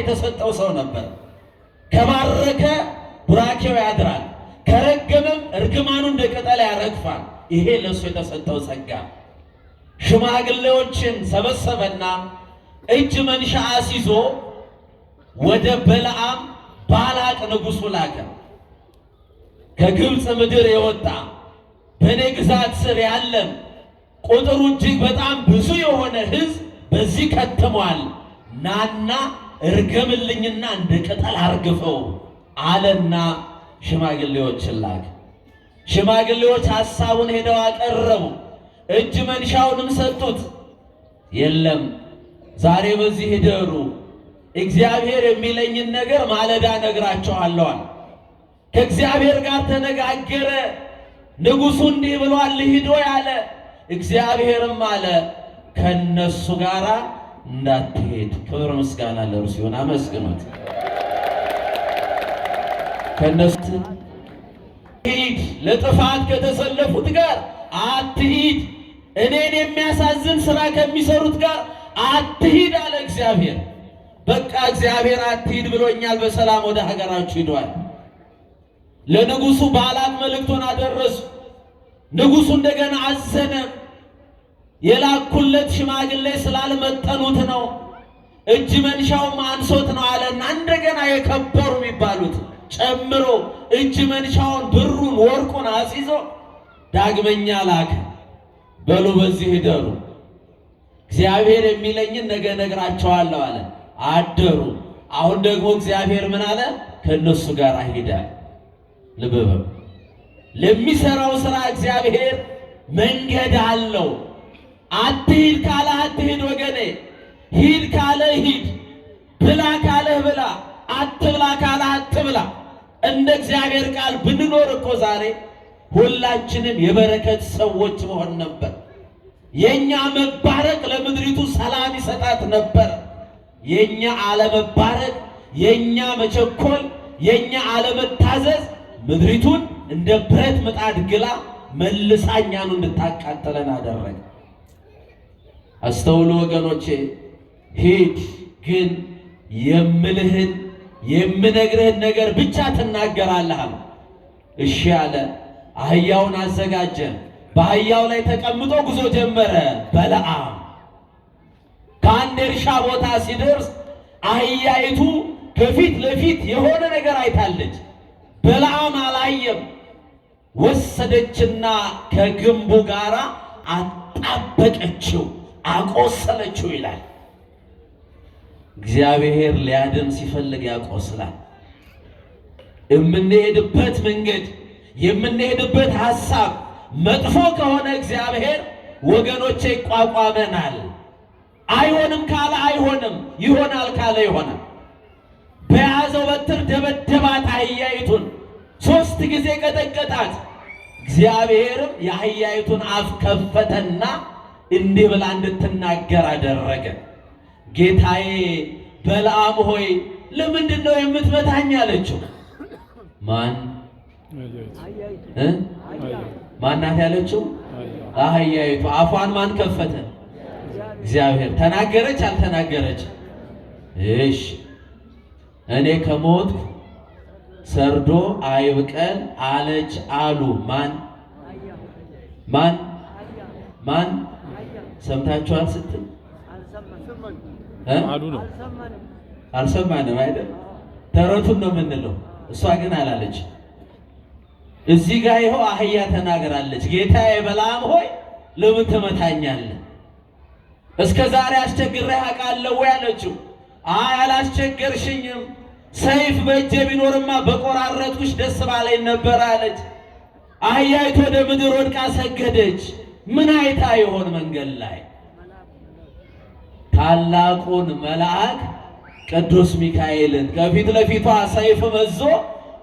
የተሰጠው ሰው ነበር። ከባረከ ቡራኬው ያድራል፣ ከረገመም እርግማኑ እንደ ቅጠል ያረግፋል። ይሄ ለእሱ የተሰጠው ጸጋ። ሽማግሌዎችን ሰበሰበና እጅ መንሻ አስይዞ ወደ በለዓም ባላቅ ንጉሱ ላከ። ከግብፅ ምድር የወጣ በእኔ ግዛት ስር ያለን ቁጥሩ እጅግ በጣም ብዙ የሆነ ሕዝብ በዚህ ከተሟል ናና እርገምልኝና እንደ ቅጠል አርግፈው አለና ሽማግሌዎችን ላክ። ሽማግሌዎች ሐሳቡን ሄደው አቀረቡ። እጅ መንሻውንም ሰጡት። የለም ዛሬ በዚህ ደሩ እግዚአብሔር የሚለኝን ነገር ማለዳ ነግራቸዋለዋል። ከእግዚአብሔር ጋር ተነጋገረ። ንጉሡ እንዲህ ብሏል ሂዶ ያለ እግዚአብሔርም አለ ከእነሱ ጋር እንዳትሄድ። ክብር ምስጋና ለእርሱ ይሁን። አመስግኑት። ከነሱ ሂድ፣ ለጥፋት ከተሰለፉት ጋር አትሂድ፣ እኔን የሚያሳዝን ስራ ከሚሰሩት ጋር አትሂድ አለ እግዚአብሔር። በቃ እግዚአብሔር አትሂድ ብሎኛል፣ በሰላም ወደ ሀገራችሁ ሂዷል። ለንጉሱ ባላቅ መልእክቱን አደረሱ። ንጉሱ እንደገና አዘነ። የላኩለት ሽማግሌ ስላልመጠኑት ነው፣ እጅ መንሻውም አንሶት ነው አለና እንደገና የከበሩ የሚባሉት ጨምሮ እጅ መንሻውን ብሩን ወርቁን አስይዞ ዳግመኛ ላከ። በሉ በዚህ ሂደሩ፣ እግዚአብሔር የሚለኝን ነገ እነግራቸዋለሁ አለ። አደሩ። አሁን ደግሞ እግዚአብሔር ምን አለ? ከእነሱ ጋር ሄደ። ልብብም ለሚሰራው ስራ እግዚአብሔር መንገድ አለው። አትሂድ ካለ አትሂድ ወገኔ፣ ሂድ ካለ ሂድ፣ ብላ ካለህ ብላ፣ አትብላ ካለ አትብላ። እንደ እግዚአብሔር ቃል ብንኖር እኮ ዛሬ ሁላችንም የበረከት ሰዎች መሆን ነበር። የእኛ መባረቅ ለምድሪቱ ሰላም ይሰጣት ነበር። የእኛ አለመባረቅ፣ የእኛ መቸኮል፣ የእኛ አለመታዘዝ ምድሪቱን እንደ ብረት ምጣድ ግላ መልሳኛኑ እንድታቃጥለን አደረገ። አስተውሉ ወገኖቼ። ሂድ ግን የምልህን የምነግርህን ነገር ብቻ ትናገራለህ። እሺ አለ። አህያውን አዘጋጀ። በአህያው ላይ ተቀምጦ ጉዞ ጀመረ። በለዓም ከአንድ እርሻ ቦታ ሲደርስ አህያይቱ ከፊት ለፊት የሆነ ነገር አይታለች። በለዓም አላየም። ወሰደችና ከግንቡ ጋር አጣበቀችው። አቆሰለችው ይላል። እግዚአብሔር ሊያድን ሲፈልግ ያቆስላል። የምንሄድበት መንገድ የምንሄድበት ሐሳብ መጥፎ ከሆነ እግዚአብሔር ወገኖቼ ይቋቋመናል። አይሆንም ካለ አይሆንም፣ ይሆናል ካለ ይሆናል። በያዘው በትር ደበደባት አህያይቱን፣ ሦስት ጊዜ ቀጠቀጣት። እግዚአብሔርም የአህያይቱን አፍ ከፈተና እንዲህ ብላ እንድትናገር አደረገ። ጌታዬ በለዓም ሆይ ለምንድን ነው የምትመታኝ? አለችው። ማን ማናት ያለችው? አህያይቱ። አፏን ማን ከፈተ? እግዚአብሔር። ተናገረች አልተናገረች? እሺ እኔ ከሞት ሰርዶ አይብቀል አለች አሉ። ማን ማን ማን ሰምታችኋል ስትል አልሰማንም አይደል? ተረቱን ነው የምንለው። እሷ ግን አላለች። እዚህ ጋር ይኸው አህያ ተናግራለች። ጌታ የበላም ሆይ ለምን ትመታኛለህ? እስከ ዛሬ አውቃለሁ ወይ አለችው። አይ አላስቸገርሽኝም፣ ሰይፍ በእጄ ቢኖርማ በቆራረጥኩሽ ደስ ባለኝ ነበር አለች። አህያይቱ ወደ ምድር ወድቃ ሰገደች። ምን አይታ ይሆን መንገድ ላይ ታላቁን መልአክ ቅዱስ ሚካኤልን ከፊት ለፊቷ ሰይፍ መዞ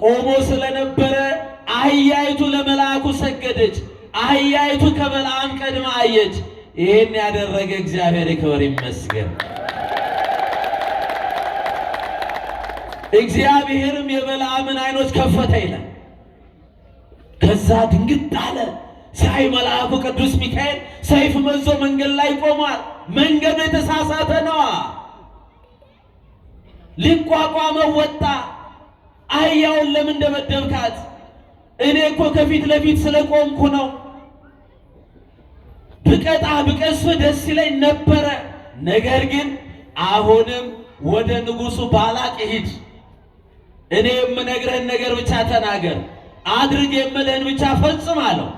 ቆሞ ስለነበረ አህያይቱ ለመልአኩ ሰገደች። አህያይቱ ከበለዓም ቀድማ አየች። ይህን ያደረገ እግዚአብሔር ይክበር ይመስገን። እግዚአብሔርም የበለዓምን አይኖች ከፈተ ይላል። ከዛ ድንግጥ አለ። ሲያይ መልአኩ ቅዱስ ሚካኤል ሰይፍ መዞ መንገድ ላይ ቆሟል። መንገዱ የተሳሳተ ነዋ። ሊቋቋመው ወጣ። አህያውን ለምን እንደመደብካት እኔ እኮ ከፊት ለፊት ስለቆምኩ ነው። ብቀጣ ብቀሱ ደስ ይለኝ ነበረ። ነገር ግን አሁንም ወደ ንጉሱ ባላቅ ሂድ፣ እኔ የምነግረህን ነገር ብቻ ተናገር፣ አድርግ የምልህን ብቻ ፈጽም አለው።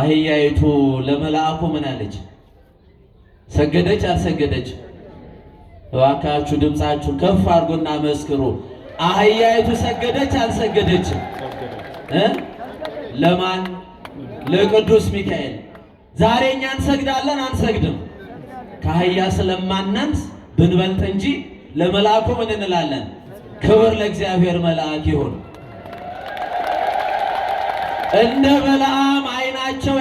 አህያይቱ ለመልአኩ ምን አለች? ሰገደች? አልሰገደች? እባካችሁ ድምፃችሁ ከፍ አድርጎና መስክሩ። አህያይቱ ሰገደች? አልሰገደች? ለማን? ለቅዱስ ሚካኤል። ዛሬ እኛ እንሰግዳለን አንሰግድም? ከአህያ ስለማናንስ ብንበልጥ እንጂ ለመልአኩ ምን እንላለን? ክብር ለእግዚአብሔር መልአክ ይሁን። እንደ በለዓም አይ ብርሃናቸው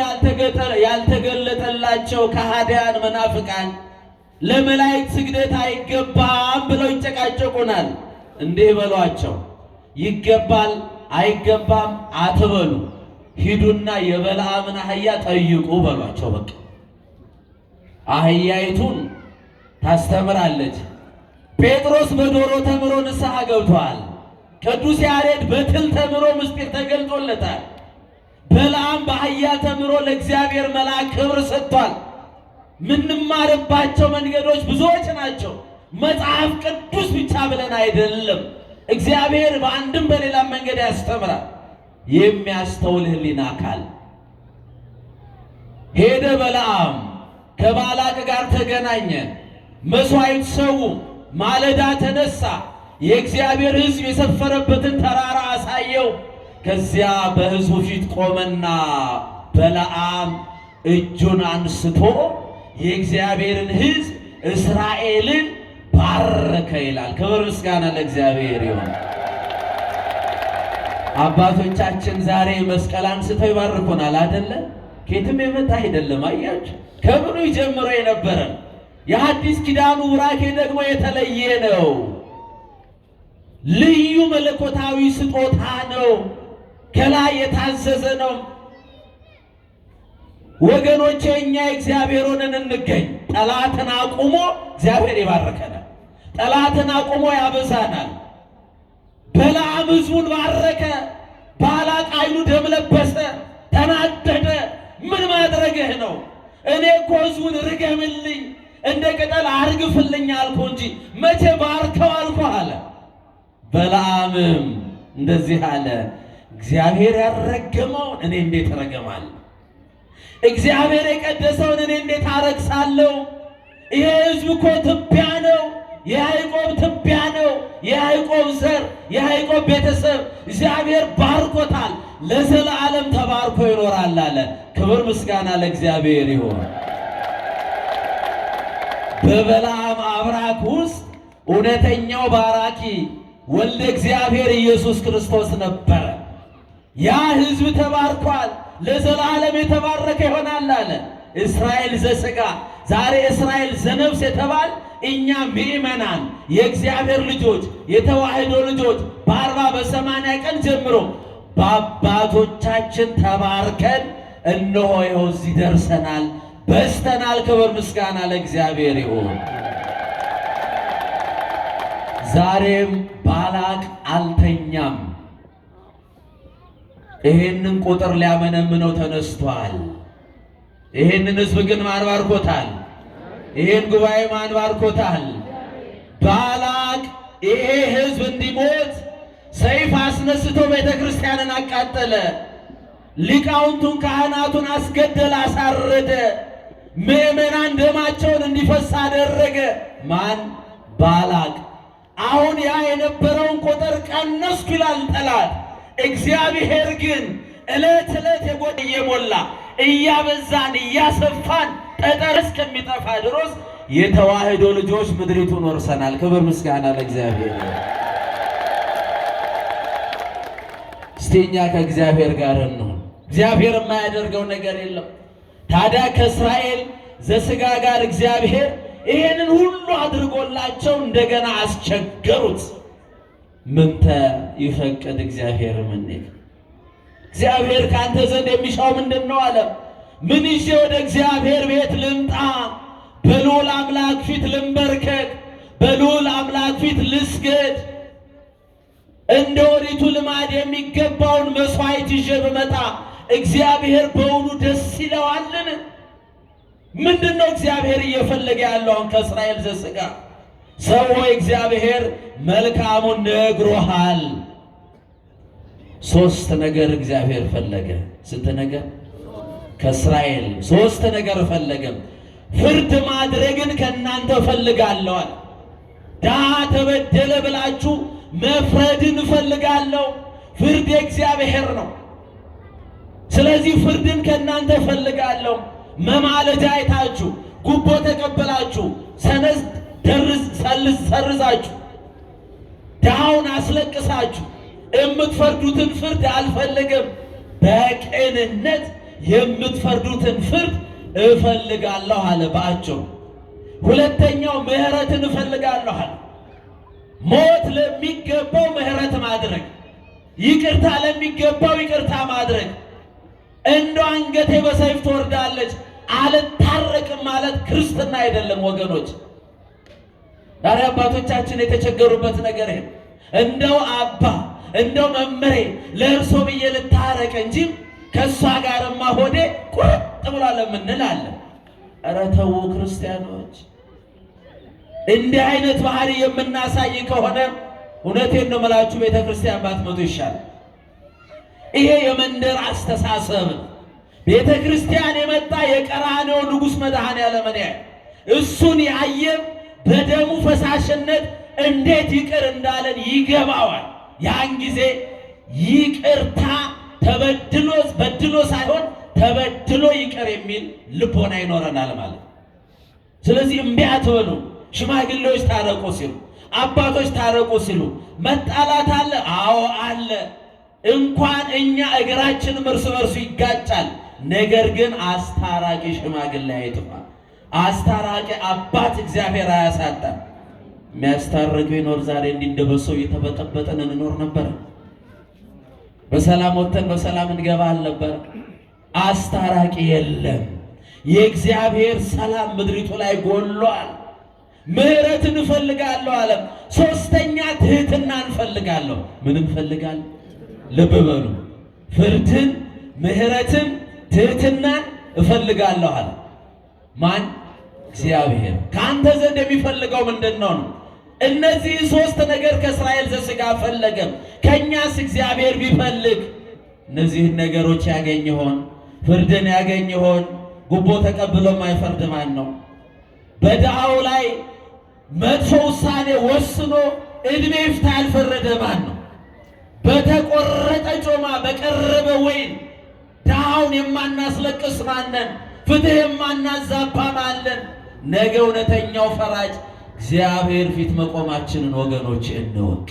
ያልተገለጠላቸው ከሃዲያን መናፍቃን ለመላእክት ስግደት አይገባም ብለው ይጨቃጨቁናል። እንዲህ በሏቸው፣ ይገባል አይገባም አትበሉ፣ ሂዱና የበለዓምን አህያ ጠይቁ በሏቸው። በቃ አህያይቱን ታስተምራለች። ጴጥሮስ በዶሮ ተምሮ ንስሐ ገብቷል። ቅዱስ ያሬድ በትል ተምሮ ምስጢር ተገልጦለታል። በለዓም በአህያ ተምሮ ለእግዚአብሔር መልአክ ክብር ሰጥቷል። ምንማርባቸው መንገዶች ብዙዎች ናቸው። መጽሐፍ ቅዱስ ብቻ ብለን አይደለም። እግዚአብሔር በአንድም በሌላም መንገድ ያስተምራል። የሚያስተውል ሕሊና አካል ሄደ። በለዓም ከባላቅ ጋር ተገናኘ፣ መሥዋዕት ሰው ማለዳ ተነሳ፣ የእግዚአብሔር ሕዝብ የሰፈረበትን ተራራ አሳየው። ከዚያ በሕዝቡ ፊት ቆመና በለዓም እጁን አንስቶ የእግዚአብሔርን ሕዝብ እስራኤልን ባረከ ይላል። ክብር ምስጋና ለእግዚአብሔር ይሆን። አባቶቻችን ዛሬ መስቀል አንስተው ይባርኮናል አይደለ? ኬትም የመጣ አይደለም። አያችሁ ከብሉይ ጀምሮ የነበረ የሐዲስ ኪዳኑ ቡራኬ ደግሞ የተለየ ነው። ልዩ መለኮታዊ ስጦታ ነው። ከላይ የታዘዘ ነው። ወገኖቼ እኛ እግዚአብሔርን እንገኝ። ጠላትን አቁሞ እግዚአብሔር ይባርከናል። ጠላትን አቁሞ ያበዛናል። በለዓም ሕዝቡን ባረከ። ባላቅ ዓይኑ ደም ለበሰ፣ ተናደደ። ምን ማድረግህ ነው? እኔ እኮ ሕዝቡን ርገምልኝ እንደ ቅጠል አርግፍልኝ አልኩ እንጂ መቼ ባርከው አልኩ አለ። በለዓምም እንደዚህ አለ እግዚአብሔር ያረገመውን እኔ እንዴት እረገማለሁ? እግዚአብሔር የቀደሰውን እኔ እንዴት አረግሳለሁ? ይሄ ሕዝብ እኮ ትቢያ ነው፣ የያዕቆብ ትቢያ ነው፣ የያዕቆብ ዘር፣ የያዕቆብ ቤተሰብ እግዚአብሔር ባርኮታል። ለዘለዓለም ተባርኮ ይኖራል አለ። ክብር ምስጋና ለእግዚአብሔር ይሁን። በበለዓም አብራክ ውስጥ እውነተኛው ባራኪ ወልደ እግዚአብሔር ኢየሱስ ክርስቶስ ነበረ። ያ ህዝብ ተባርኳል፣ ለዘላለም የተባረከ ይሆናል አለ። እስራኤል ዘስጋ ዛሬ እስራኤል ዘነፍስ የተባል እኛ ምእመናን የእግዚአብሔር ልጆች የተዋህዶ ልጆች በአርባ በሰማንያ ቀን ጀምሮ በአባቶቻችን ተባርከን እነሆ ይኸው እዚህ ደርሰናል፣ በስተናል። ክብር ምስጋና ለእግዚአብሔር ይሁን። ዛሬም ባላቅ አልተኛም። ይሄንን ቁጥር ሊያመነምነው ተነስቷል። ይሄንን ህዝብ ግን ማን ባርኮታል? ይሄን ጉባኤ ማን ባርኮታል? ባላቅ ይሄ ህዝብ እንዲሞት ሰይፍ አስነስቶ ቤተ ክርስቲያንን አቃጠለ። ሊቃውንቱን ካህናቱን አስገደለ፣ አሳረደ። ምዕመናን ደማቸውን እንዲፈስ አደረገ። ማን ባላቅ። አሁን ያ የነበረውን ቁጥር ቀነስኩ ይላል ጠላት። እግዚአብሔር ግን ዕለት ዕለት የጎደ እየሞላ እያበዛን እያሰፋን ጠጠር እስከሚጠፋ ድሮስ የተዋህዶ ልጆች ምድሪቱን ወርሰናል። ክብር ምስጋና ለእግዚአብሔር። እስቲ እኛ ከእግዚአብሔር ጋር እንሆን። እግዚአብሔር የማያደርገው ነገር የለም። ታዲያ ከእስራኤል ዘስጋ ጋር እግዚአብሔር ይህንን ሁሉ አድርጎላቸው እንደገና አስቸገሩት። ምንተ ይፈቅድ እግዚአብሔር ምን እግዚአብሔር ከአንተ ዘንድ የሚሻው ምንድን ነው አለ። ምን ይዤ ወደ እግዚአብሔር ቤት ልምጣ? በልዑል አምላክ ፊት ልንበርከክ፣ በልዑል አምላክ ፊት ልስገድ። እንደ ወሪቱ ልማድ የሚገባውን መስዋዕት ይዤ ብመጣ እግዚአብሔር በውኑ ደስ ይለዋልን? ምንድን ነው እግዚአብሔር እየፈለገ ያለውን ከእስራኤል ዘስጋ ሰው ሆይ እግዚአብሔር መልካሙን ነግሮሃል። ሶስት ነገር እግዚአብሔር ፈለገ። ስንት ነገር? ከእስራኤል ሶስት ነገር ፈለገም። ፍርድ ማድረግን ከእናንተ እፈልጋለዋል። ድሃ ተበደለ ብላችሁ መፍረድን እፈልጋለሁ። ፍርድ የእግዚአብሔር ነው። ስለዚህ ፍርድን ከእናንተ እፈልጋለሁ። መማለጃ አይታችሁ ጉቦ ተቀበላችሁ፣ ሰነድ ደርዝ ሰርዛችሁ ድሃውን አስለቅሳችሁ የምትፈርዱትን ፍርድ አልፈለገም፣ በቅንነት የምትፈርዱትን ፍርድ እፈልጋለሁ አለ። በአጭሩ ሁለተኛው ምሕረትን እፈልጋለሁ አለ። ሞት ለሚገባው መህረት ማድረግ፣ ይቅርታ ለሚገባው ይቅርታ ማድረግ። እንደ አንገቴ በሰይፍ ትወርዳለች አልታረቅም ማለት ክርስትና አይደለም ወገኖች። ዛሬ አባቶቻችን የተቸገሩበት ነገር እንደው አባ እንደው መምሬ ለእርሶ ብዬ ልታረቅ እንጂ ከእሷ ጋርማ ሆዴ ቁርጥ ብሏል የምንል አለ። ተው ክርስቲያኖች፣ እንዲህ አይነት ባህሪ የምናሳይ ከሆነ እውነቴን ነው የምላችሁ ቤተ ክርስቲያን ባትመጡ ይሻላል። ይሄ የመንደር አስተሳሰብ ቤተ ክርስቲያን የመጣ የቀራንዮ ንጉሥ መድኃኔዓለም እሱን ያየ በደሙ ፈሳሽነት እንዴት ይቅር እንዳለን ይገባዋል። ያን ጊዜ ይቅርታ ተበድሎ በድሎ ሳይሆን ተበድሎ ይቅር የሚል ልቦና ይኖረናል ማለት። ስለዚህ እምቢ አትበሉ። ሽማግሌዎች ታረቁ ሲሉ፣ አባቶች ታረቁ ሲሉ መጣላት አለ። አዎ አለ። እንኳን እኛ እግራችንም እርስ በርሱ ይጋጫል። ነገር ግን አስታራቂ ሽማግሌ አይጥፋ። አስታራቂ አባት እግዚአብሔር አያሳጣም። የሚያስታርቅ ቢኖር ዛሬ እንዲደበሰው እየተበጠበጠን እንኖር ነበር። በሰላም ወጥተን በሰላም እንገባ ነበር? አስታራቂ የለም። የእግዚአብሔር ሰላም ምድሪቱ ላይ ጎሏል። ምሕረት እንፈልጋለሁ አለ። ሶስተኛ ትህትና እንፈልጋለሁ። ምን እንፈልጋለሁ? ልብ በሉ። ፍርድን፣ ምሕረትን፣ ትህትናን እፈልጋለሁ አለ ማን እግዚአብሔር ከአንተ ዘንድ የሚፈልገው ምንድን ነው? እነዚህ ሶስት ነገር ከእስራኤል ዘሥጋ ፈለገም። ከእኛስ እግዚአብሔር ቢፈልግ እነዚህን ነገሮች ያገኝ ይሆን? ፍርድን ያገኝ ይሆን? ጉቦ ተቀብሎ የማይፈርድ ማን ነው? በድሃው ላይ መጥፎ ውሳኔ ወስኖ እድሜ ይፍታ ያልፈረደ ማን ነው? በተቆረጠ ጮማ በቀረበ ወይን ድሃውን የማናስለቅስ ማነን? ፍትህ የማናዛባ ማለን? ነገ እውነተኛው ፈራጅ እግዚአብሔር ፊት መቆማችንን ወገኖች እንወቅ።